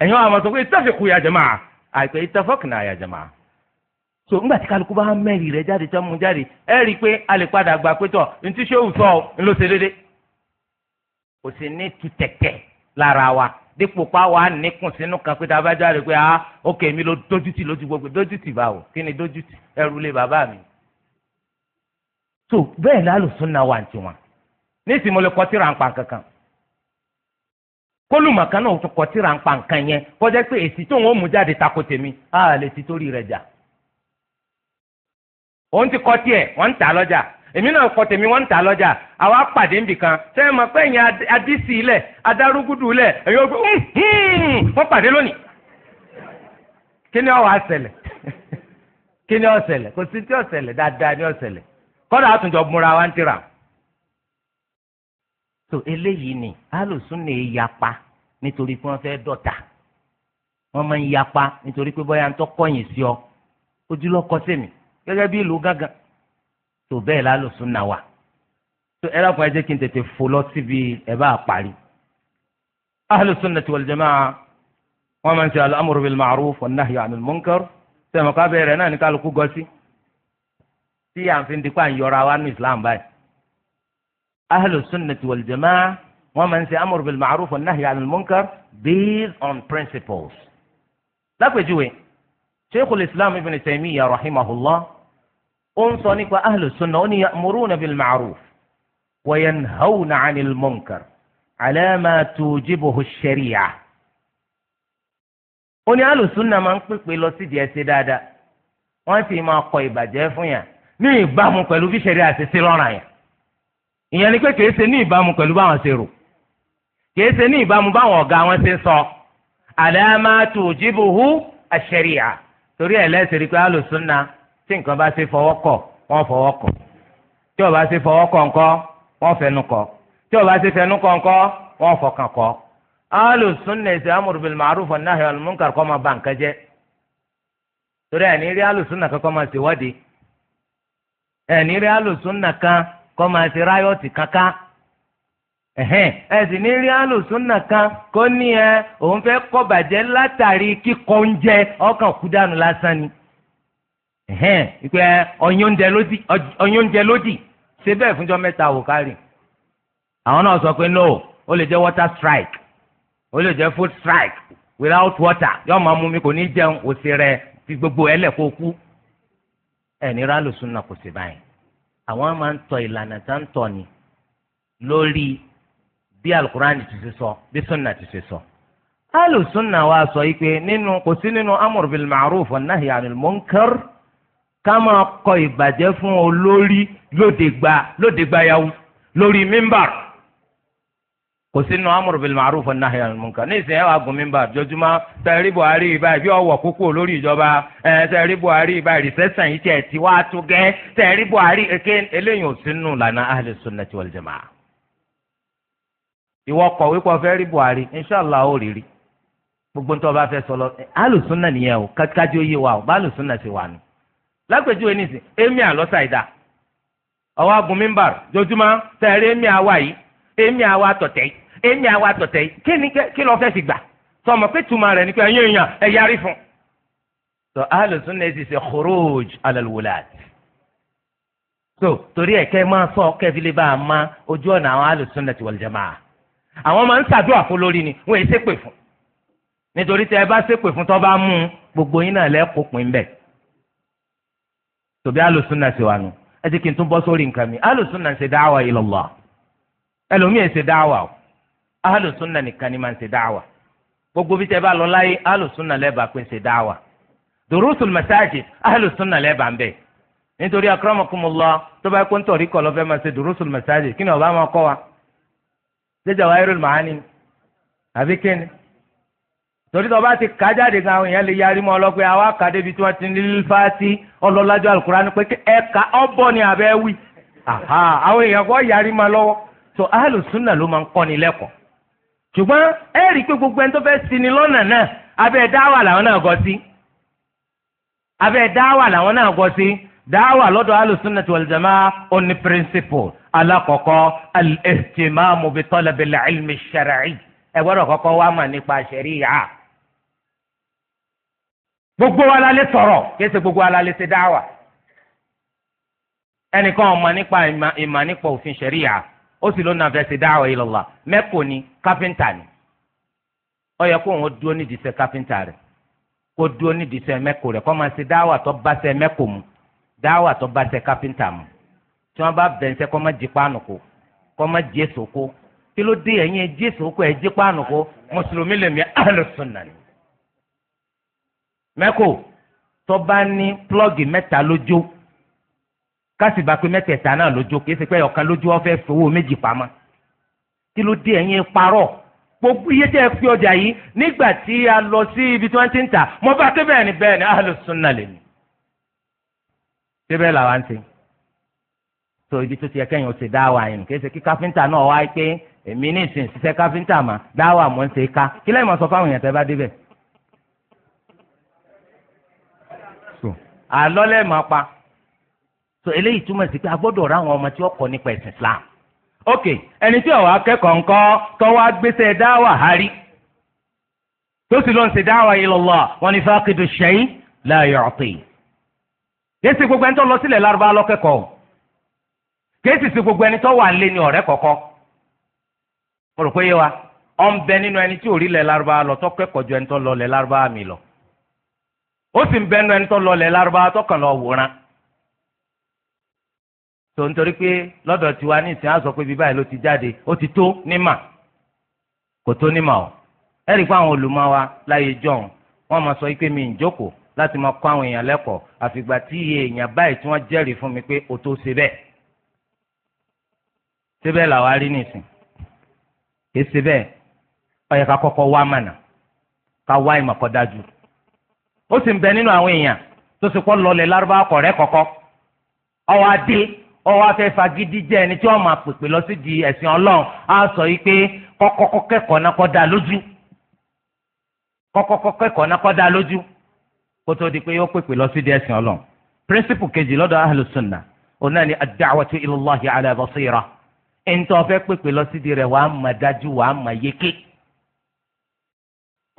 ẹ̀yin wa máa sọ pé ittafiqu ya jama'a àìpẹ́ ittafaqna ya jama'a so ńgbà tí kálukú bá mẹ́rin rẹ̀ jáde tó mú jáde ẹ rí i pé a lè padà gbà pé tọ̀ ntí ṣé òun sọ ọ ńlọ kò sí ní tutẹ̀kẹ̀ lára wa dípò pa wàá níkùn sínú kan pé tá a bá jáde pé ah ok mi ló dójútì lójú gbogbo dójútì báwo kí ni dójútì ẹrù lé bàbá mi. tó bẹ́ẹ̀ lálùsùn náà wà ní tiwọn nísìnyí mo lè kọ́ tíra ń pa kankan kólùmọ̀kan náà tún kọ́ tíra ń pa nǹkan yẹn kọjá pé èsì tó ń ó mú jáde tako tèmi a lè ti torí rẹ̀ jà òun ti kọ́ tiẹ̀ wọ́n ń tà lọ́jà èmi náà kọ tèmi wọ́n ń tà lọ́jà àwa pàdé nbì kan sẹ́yìn mọ̀ pé ẹ̀yin adísì ilẹ̀ adarúgúdù ilẹ̀ ẹ̀yin ogun wọ́n pàdé lónìí. kí ni ó wá ṣẹlẹ̀ [LAUGHS] kí ni ó kò sí tí ó dáadáa ni ó kọ́dà àtúnjọ múra wa ń tira. tó eléyìí ni alùsùn lè yapa nítorí pé wọ́n fẹ́ dọ̀tà wọ́n máa ń yapa nítorí pé bóyá ń tọ́ kọ́yìn sí ọ ojúlọ́kọ sẹ́mi gẹ́gẹ́ bí ìlú gángan tó bẹ́ẹ̀ lálùsùn náà wà tó ẹ lákùn ẹ jẹ́ kí n tètè fò lọ síbi ẹ bá parí. ahlùsunnati wal jamaa wọ́n máa ń ṣe al-amru bil ma'ruf wan nahyu munkar sẹ́mi ká bẹ̀rẹ̀ náà ní kálukú gọ́ sí tí à fi dípò ń yọra wa ní islam báyìí. ahlùsunnati wal jamaa wọ́n máa ń ṣe amru bil ma'ruf wan nahyu munkar based on principles. lápèjúwe sheikhul islam ibn taymiyyah rahimahullah ó ń sọ nípa ahlus sunnah ó ní ya'muruna bil ma'ruf wa yanhawna 'anil munkar 'ala ma tujibuhu ash-shari'ah. ó ní ahlus sunnah máa ń pèpè lọ sídìí ẹsẹ̀ dáadáa wọ́n sì máa kọ ìbàjẹ́ fún yàn ní ìbámu pẹ̀lú bí ṣẹ̀rí'à ṣe sí lọ́ràn yàn ìyẹn ni pé kìí ṣe ní ìbámu pẹ̀lú báwọn ṣe rò kìí ní ìbámu báwọn ọ̀gá wọn ṣe sọ àlẹ́ máa tù torí ẹ̀ lẹ́sìn rí pé alùsùnà tí nǹkan bá ṣe fọwọ́ kọ̀ wọ́n fọwọ́ kọ̀ tí bá ṣe fọwọ́ kọ̀ ńkọ́ wọ́n fẹnu kọ̀ tí ó bá ṣe fẹnu kọ̀ ńkọ́ wọ́n fọkàn kọ̀. Ahlus Sunnah ṣe amru bil ma'ruf wan nahy kọ́ ba nǹkan jẹ́ torí ẹ̀ ní rí ẹ̀ ní rí kan kọ́ ṣe kankan sì ní rí kan kó ní ẹ̀hẹ́n ìpè ọ̀yọ́njẹ lódì ṣe bẹ́ẹ̀ fúnjọ́ mẹ́ta wò kárì àwọn náà sọ pé no ó lè jẹ́ water strike ó lè jẹ́ food strike without water yóò máa mú mi kò ní jẹun òsì rẹ fi gbogbo ẹ lẹ̀ kó kú ẹ̀ ní rálùsùn náà kò sí báyìí àwọn máa ń tọ ìlànà tá ń tọ ni lórí bí alukurani ti ṣe sọ bí sunna ti ṣe sọ alùsùn náà wàá sọ yìí pé nínú kò sí nínú amúrúbìlì màrúfù náà yàrá mọ́ńkẹ́rù ká máa kọ ìbàjẹ́ fún olórí lódegba lódegba yahoo lórí mímbàr kò sínú amúrò bíi màrúf náà yàrá nǹkan ní ìsìn ẹwà gùn mímbàr jọjúmọ́ sẹẹrí buhari ìbáyìí bí ọwọ́ kókó lórí ìjọba ẹ sẹẹrí buhari ìbáyìí rìsẹsàn yìí tiẹ ti wá tó gẹ sẹẹrí buhari èké eléyìí ò sínú lànà ahli sunnati wal jamaa ìwọ kọ̀wé kọ fẹ́ rí buhari inṣàlá ó rí rí gbogbo nítorí ọba fẹ́ sọ lọ alùsùn náà nìyẹn o kájú ó wa o bá alùsùn náà ti wà nù lápèjúwe nìsín èmi àlọ́sà ìdá ọwọ́ agun mímbàrù jojúmọ́ tẹ̀rí èmi àwa yìí èmi àwa tọ̀tẹ̀ yìí èmi àwa tọ̀tẹ̀ yìí kí ni kí lọ́ọ́ fẹ́ fi gbà sọmọ pé tuma rẹ̀ ni pé ẹ̀yin èèyàn ẹ̀ yarí fún. sọ alùsùn náà ti ṣe khuruj alàlùwòlàt so torí ẹ̀ kẹ́ máa sọ kẹ́fìlẹ́ bá a ma ojú ọ̀nà àwọn alùsùn náà ti wal jamaa àwọn máa ń ṣàdúrà fún lórí ni wọ́n èsè pè fún nítorí tẹ́ ẹ bá ṣépè fún tó bá mú gbogbo yín náà lẹ́ẹ̀kọ́ pin bẹ́ẹ̀ tòbí alùsùnà ṣe wà nù ẹ ti kí n tún bọ́ sórí nǹkan mi alùsùnà ń dáwà ila Allah ẹlòmíì ń ṣe dáwà o alùsùnà nìkan ni máa ń ṣe dáwà gbogbo bí tẹ bá lọ láyé alùsùnà lẹ́bàá pé ń ṣe dáwà durusul masajid alùsùnà lẹ́bàá ń bẹ̀ nítorí akramakumullah tó bá kó ń tọ̀rí kọ̀ lọ́fẹ́ máa ṣe durusul masajid kí ni ọba máa kọ́ wa jẹjẹrẹ wáyé rẹ màá ni àbí kíni torí tó bá ti kà jáde gan àwọn èèyàn lè yarí mọ́ ọlọ́pẹ́ àwa kà débi tí wọ́n ti ní lílfàtì ọlọ́lájọ́ alukurani pé ẹ kà ọ̀bọ ni àbẹ́ wí àwọn èèyàn kọ́ yarí mọ́ lọ́wọ́ tó alùsùnà ló máa ń kọ́ni lẹ́kọ̀ọ́ ṣùgbọ́n ẹ rí i pé gbogbo ẹni tó fẹ́ sin ni lọ́nà náà abẹ́ dáwà làwọn náà gọ́ sí abẹ́ dáwà làwọn náà gọ́ sí dáwà lọ́dọ̀ alùsùnà wal jamaa oní principle alákọ̀ọ́kọ́ al-ihtimamu bi talabil ilmi shar'i ẹ gbọ́dọ̀ kọ́kọ́ wá mà nípa ṣẹ̀ríyà gbogbo wa la lè sọ̀rọ̀ kéésì gbogbo wa la lè ṣe dáwà ẹnìkan ọmọ nípa ìmọ̀ nípa òfin ṣẹ̀ríyà ó sì ló nàfẹ́ ṣe dáwà ilallah mẹ́kò ni káfíńtà ni ó yẹ kó òun dúró nídìí iṣẹ́ káfíńtà rẹ̀ kó dúró nídìí iṣẹ́ mẹ́kò rẹ̀ kó máa ṣe dáwà tó bá ṣe mẹ́kò mu dáwà tó bá ṣe káfíńtà mu tí wọ́n bá bẹ̀ ń kó má jí páànù kó kó má jí èso kó kí ló dé ẹ̀yin ẹ̀ jí mẹ́kò tó bá ní plọ́gì mẹ́ta lójó kásì bá pé mẹ́tẹ̀ẹ̀ta náà lójó kì í ṣe pé ọ̀kan lójó ọ̀fẹ́ fowó méjì pamọ́ kí ló dé ẹ̀yin parọ́ gbogbo iye tẹ́ ẹ fi ọjà yìí nígbà tí a lọ sí ibi tí wọ́n ti ń tà mo bá ké bẹ́ẹ̀ ni bẹ́ẹ̀ ni ahlu sunna lè ní. débẹ̀ làwa ń ṣe so ibi tó ti yẹ kẹ́yìn ó ṣe dáwà yìí kì í ṣe kí káfíńtà náà wáyé pé èmi ní ìsìn ṣiṣẹ́ káfíńtà mà dáwà mò ń ṣe ká kí lẹ́yìn mọ̀ sọ fáwọn èèyàn tẹ́ bá débẹ̀. àlọ́ máa pa so eléyìí túmọ̀ sí pé a gbọ́dọ̀ ra ọmọ tí wọ́n Islam ok ẹni tí ọ̀wá akẹ́kọ̀ọ́ ńkọ́ tọ́wọ́ agbésẹ̀ dáwà harí tó sì ló ṣe dáwà wọn ni fákìdù ṣẹ́yìn láàyè ọ̀tẹ̀ kéésì gbogbo ẹni tó lọ sílẹ̀ lárúbá lọ́kẹ́kọ̀ọ́ kéésì sí gbogbo ẹni tó wa ọ̀ ń bẹ nínú ẹni tí ò rí lẹ̀ lárúbá lọ ju ó sì ń bẹnu ẹni tó lọlẹ̀ lárúbáwá tó kàn lọ wòran tó ń torí pé lọ́dọ̀ tiwa ní ìsìn á sọ pé bí báyìí ló ti jáde ó ti tó nímà kò tó nímà o ẹ̀rí pé àwọn olùmọ̀ wa láyé jọ̀hún wọ́n máa sọ pé mi ń jókòó láti máa kọ́ àwọn èèyàn lẹ́kọ̀ọ́ àfìgbà tí iye èèyàn báyìí tí wọ́n jẹ́rìí fún mi pé o tó ṣe bẹ́ẹ̀ ṣe bẹ́ẹ̀ làwa rí nìsín kì í ṣe bẹ́ẹ̀ ó ká kọ́kọ́ wá mànà ká wá ìmọ̀kọ́dájú o si ń bẹ nínú àwọn èèyàn tó sì kọ́ lọlẹ̀ lárúbáwá kọ̀rẹ́ kọ̀kọ́ ọwọ́ adé ọwọ́ afẹ́ fagídí jẹ́ ẹni tí wọ́n máa pèpè lọ sí di ẹ̀sìn ọlọ́run á sọ yìí pé kọ́kọ́kọ́ kẹ́kọ̀ọ́ náà kọ́ da lójú kọ́kọ́kọ́ kẹ́kọ̀ọ́ náà kọ́ da lójú kó tó di pé yóò pèpè lọ sí di ẹ̀sìn ọlọ́run kejì lọ́dọ̀ ahlùsùnà òun náà ni ad ala ẹni tó fẹ́ pèpè lọ sí di rẹ̀ wàá mọ̀ dájú wàá mọ̀ yékè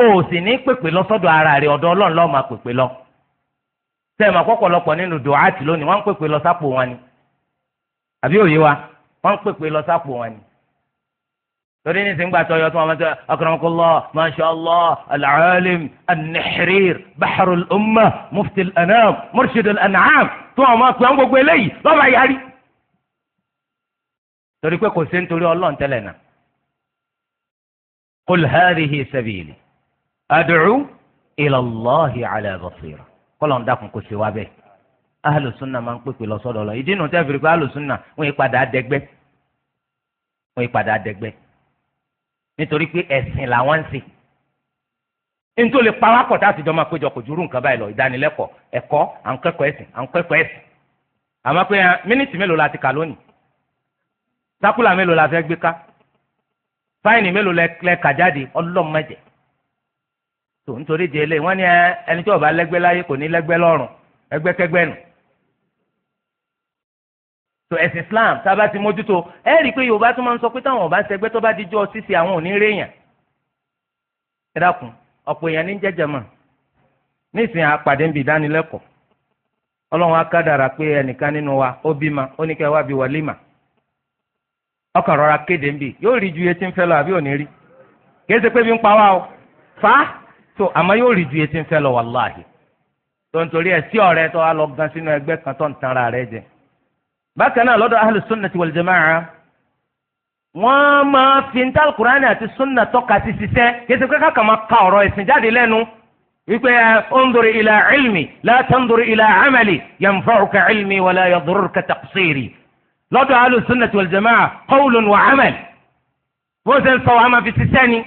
o sì ní pèpè lọ sọ́dọ̀ ara rẹ̀ ọ̀dọ̀ Ọlọ́run ló máa pèpè lọ sẹẹmọ àpọpọlọpọ nínú dùhátì lónìí wọ́n ń pèpè lọ sápò wọn ni àbí òye wa wọ́n ń pèpè lọ sápò wọn ni torí ní sìngbà tó yọ tó wọn tó akramakallah masha allah al-alim an-nahrir bahrul ummah mufti al-anam murshid al-an'am tó wọn máa pè wọn gbogbo eléyìí lọ́ba yarí torí pé kò sí nítorí ọlọ́run tẹ́lẹ̀ náà qul hadhihi sabili ad'u ila Allahi ala basira kọ́lọ̀ ń dákun kò sí wa bẹ́ẹ̀ alùsùnà máa ń pèpè lọ sọ́dọ̀ lọ ìdí inú tẹ́ fi rí pé alùsùnà wọ́n yí padà dẹgbẹ́ wọ́n yí padà dẹgbẹ́ nítorí pé ẹ̀sìn làwọn ń ṣe nítorí lè pawápọ̀ tá a ti jọ máa péjọ kò júrú nǹkan báyìí lọ ìdánilẹ́kọ̀ọ́ ẹ̀kọ́ à ń kẹ́kọ̀ọ́ ẹ̀sìn à ń kẹ́kọ̀ọ́ ẹ̀sìn àmọ́ pé eh, mínítì mélòó la ti kà lónìí sákúlà mélòó la fẹ́ gbé ká fáìnì mélòó lẹ jáde ọlọ́mọdé so nítorí di eléyìí wọ́n ni ẹni tí lẹgbẹ bá lẹ́gbẹ́ láyé kò ní ẹgbẹ lọ́rùn ẹgbẹ́kẹ́gbẹ́ nù. tó ẹ̀sìn Islam sábà ti mójútó ẹ rí i pé Yorùbá tún máa ń sọ pé táwọn ọba ṣẹgbẹ́ tó bá dijọ́ ṣíṣe àwọn ò ní ẹ dákun ọ̀pọ̀ èèyàn ní jẹ́jẹ́ mọ̀ nísìnyí àpàdé ń bì ọlọ́run nínú wa ó ó ní kẹ́ wá bí ọkàn rọra kéde ju ń fẹ́ lọ àbí rí so àmọ́ yóò rí ju etí ń fẹ́ lọ wàláhì tó ń torí ẹ̀ sí ọ̀rẹ́ tó wá lọ gan sínú ẹgbẹ́ kan tó ń tanra rẹ̀ jẹ bákan náà lọ́dọ̀ ahlu sunnati wal jamaa wọ́n máa fi ní alukurani àti sunna tọ́ka sí ṣiṣẹ́ kéṣe pé káka máa ka ọ̀rọ̀ ẹ̀sìn jáde lẹ́nu wípé ondori ilà ilmi la ilà amali yanfa'uka ilmi wala yadurruka taqsiri lọ́dọ̀ ahlu sunnati wal jamaa qawlun wa amal bó ṣe ń sọ máa fi ṣiṣẹ́ ni.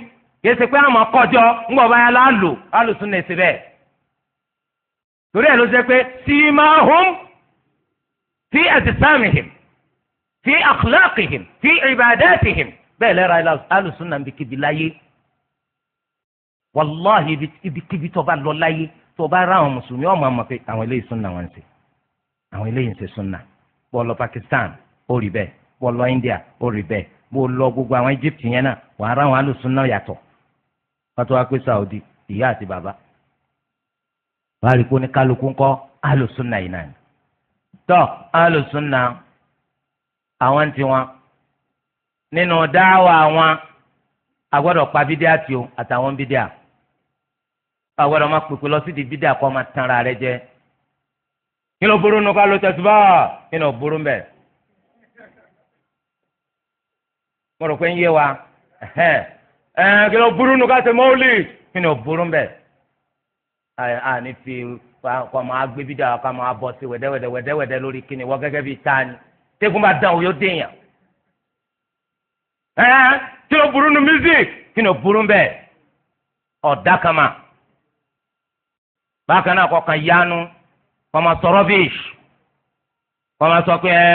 kìí ama pé àmọ́ kọjọ ńgbọ̀ báyà lálò alùsùn lè ṣe bẹ́ẹ̀ torí ẹ̀ ló ṣe pé si máa hum fi àtìsámihìm fi àkùlákìhìm fi ìbàdàtìhìm bẹ́ẹ̀ lẹ́ra alùsùn náà ibikíbi láyé wàláhì ibikíbi tó bá lọ láyé tó bá rá àwọn mùsùlùmí ọmọ àmọ́ pé àwọn eléyìí súnà wọn àwọn eléyìí Pakistan ó rí India ó rí gbogbo àwọn yẹn wàá àwọn wọ́n tún pé Saudi ìyá àti bàbá wọ́n á rí kó ní kálukú ńkọ́ alùsùnà yìí náà tọ́ alùsùnà àwọn ti wọn nínú dáwà wọn agbọ́dọ̀ pa bídíà tí o àtàwọn bídíà agbọ́dọ̀ máa pèpè lọ sí di bídíà kọ́ máa tan ara rẹ jẹ kí ló burú nu ká ló tẹ̀sí bá kí burú mbẹ. mo rò pé ń yé wa ẹ kí ló burú nu ká ṣe mọ́ọ̀lì kí ni ò burú mbẹ. ẹ à ní fi kọ́ máa gbé bídà kọ́ máa bọ̀ sí wẹ̀dẹ́wẹ̀dẹ́ wẹ̀dẹ́wẹ̀dẹ́ lórí kí ni wọ́n gẹ́gẹ́ bíi ta ni tẹ́kùn bá dàn òyò dèèyàn. ẹ kí ló burú nu music kí ni ò burú mbẹ. ọ̀dà kan mà bákan náà kọ́ yánu kọ́ máa sọ rubbish kọ́ máa sọ pé ẹ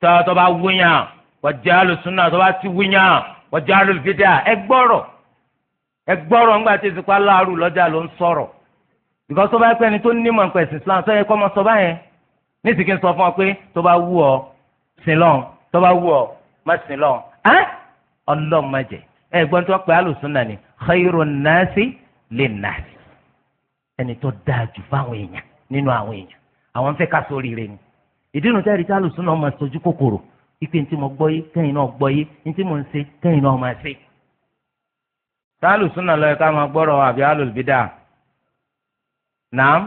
tọ́ tọ́ bá wúnyàn wọ́n jẹ́ náà tọ́ bá ti wúnyàn ọjà àlùfídà ẹ gbọ́rọ̀ ẹ gbọ́rọ̀ ńgbà tí ìsìnkú aláàrú lọ́jà ló ń sọ̀rọ̀ bìkọ́ tó bá pẹ́ ni tó ní mọ̀ nípa ẹ̀sìn Islam sọ yẹ kọ́ ọmọ sọ báyẹn ní ìsìnkú sọ fún ọ pé tó bá wù ọ sìn lọ́n tó bá wù ọ má sìn lọ́n ẹ́ ọlọ́mọdé ẹ gbọ́n tó pẹ́ alùsùnà ni khayrun nasi lin nasi ẹni tó dáa jù fáwọn èèyàn nínú àwọn èèyàn àwọn fẹ́ ká sórí rẹ ni ìdí nu tẹ́rì tí alùsùnà ọmọ sojú ipe ntí mo gbọ́ yé kẹ́yìn náà gbọ́ yé ntí mo ń ṣe kẹ́yìn náà máa ṣe. sáàlù súnà lọ́yẹ ká máa gbọ́rọ̀ àbí alùbídà nàám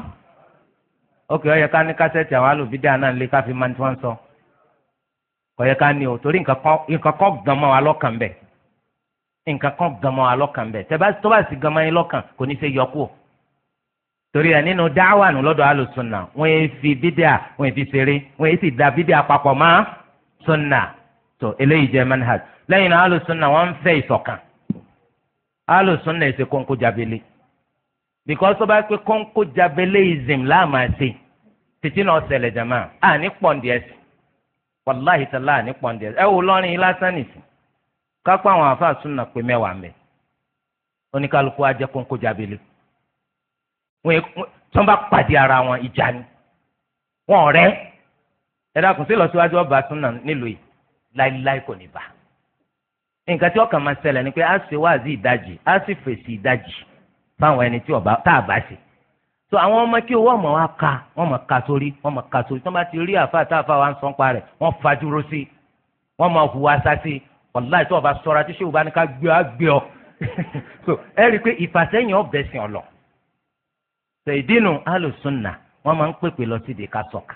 ókè ọ̀yẹ ká ní kásẹ̀tì àwọn alùbídà náà lé ká fi máa ń tí wọ́n sọ ọ̀yẹ ká ní o torí nǹkan kan gan mọ́ wa lọ́kàn bẹ̀ nǹkan kan gan mọ́ wa lọ́kàn bẹ̀ tó bá sì gan mọ́ yín lọ́kàn kò ní í ṣe yọ kú o torí ẹ nínú dáwà nù lọ́dọ̀ alùsùnà wọ́n yẹ fi bídà wọ́n yẹ fi ṣeré wọ́n yẹ sì da bídà papọ̀ mọ́ sunna tó eléyìí jẹ́ manhaj lẹ́yìn náà alu sunna wọ́n ń fẹ́ alu sunna èsì kónkó jabele because tó pé kónkó jabele ìzìm láàmú àti títí náà ṣẹlẹ̀ jama à ní pọ̀ǹdì ẹ̀sìn wàláhì tàlá ní pọ̀ǹdì ẹ̀sìn ẹ wò lọ́rin yìí lásán nìsín kápá àwọn àfa sunna ara wọn ìjà ni ẹ dákun sí lọsíwájú ọba súnà nílùú yìí láíláí kò ní bá nǹkan tí ọkàn máa ṣẹlẹ̀ ni pé a ṣe wáàzí ìdajì a sì fèsì ìdajì fáwọn ẹni tí ọba tá a bá ṣe so àwọn ọmọ kí owó ọmọ wa ka wọn mọ ka sórí wọn mọ ka sórí tí wọn bá ti rí àfa tá àfa wa ń sọ rẹ wọn fajúro sí wọn mọ hùwà sásì wàláì tí ọba sọra tí sèwọ bá ká gbé ọ gbé ọ [LAUGHS] so ẹ rí i pé ìfàsẹ́yìn ọbẹ̀ sìn ọ lọ ṣèdínú alùsùnà wọn máa ń pèpè lọ sídìí ká sọ̀ka